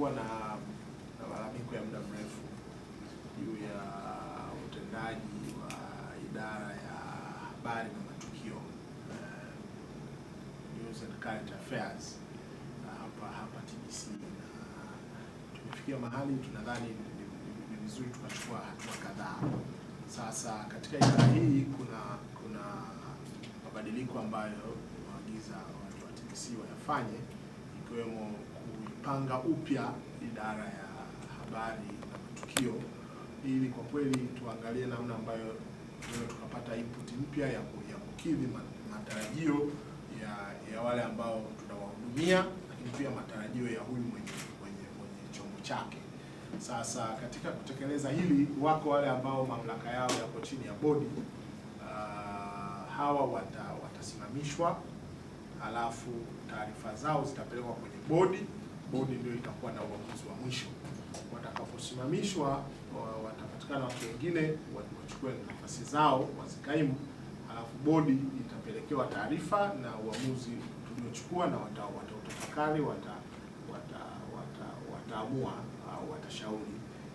kumekuwa na malalamiko ya muda mrefu juu ya utendaji wa idara ya habari na matukio uh, News and Current Affairs na hapa hapa TBC na tumefikia mahali tunadhani ni vizuri tukachukua hatua kadhaa. Sasa katika idara hii kuna kuna mabadiliko ambayo waagiza watu wa TBC wayafanye ikiwemo kupanga upya idara ya habari na matukio ili kwa kweli tuangalie namna ambayo tunaweza tukapata input mpya ya kukidhi matarajio ya, ya wale ambao tunawahudumia, lakini pia matarajio ya huyu mwenye, mwenye, mwenye chombo chake. Sasa katika kutekeleza hili, wako wale ambao mamlaka yao yako chini ya bodi uh, hawa wata, watasimamishwa, halafu taarifa zao zitapelekwa kwenye bodi bodi ndio itakuwa na uamuzi wa mwisho. Watakaposimamishwa watapatikana watu wengine wachukue nafasi zao wazikaimu, alafu bodi itapelekewa taarifa na uamuzi tuliochukua, na watautafakari, wata wataamua au watashauri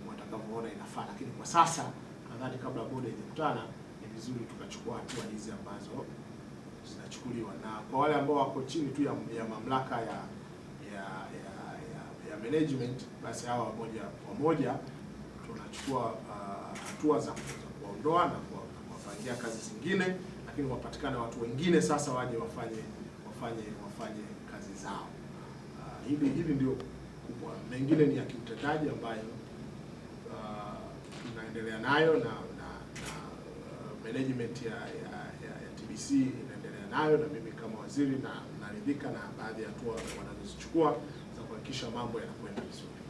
watakapoona inafaa, lakini kwa sasa nadhani kabla bodi haijakutana ni vizuri tukachukua hatua hizi ambazo zinachukuliwa na kwa wale ambao wako chini tu ya, ya mamlaka ya, ya, ya ya management, basi hawa moja kwa moja tunachukua uh, hatua za kuwaondoa na kuwapangia kazi zingine, lakini wapatikane watu wengine sasa waje wafanye wafanye wafanye kazi zao. Uh, hili hili ndio kubwa, mengine ni ya kiutendaji ambayo uh, tunaendelea uh, nayo na, na, na uh, management ya, ya, ya, ya TBC inaendelea nayo, na mimi kama waziri na naridhika na baadhi ya hatua wanazozichukua. que chamar a mulher com isso.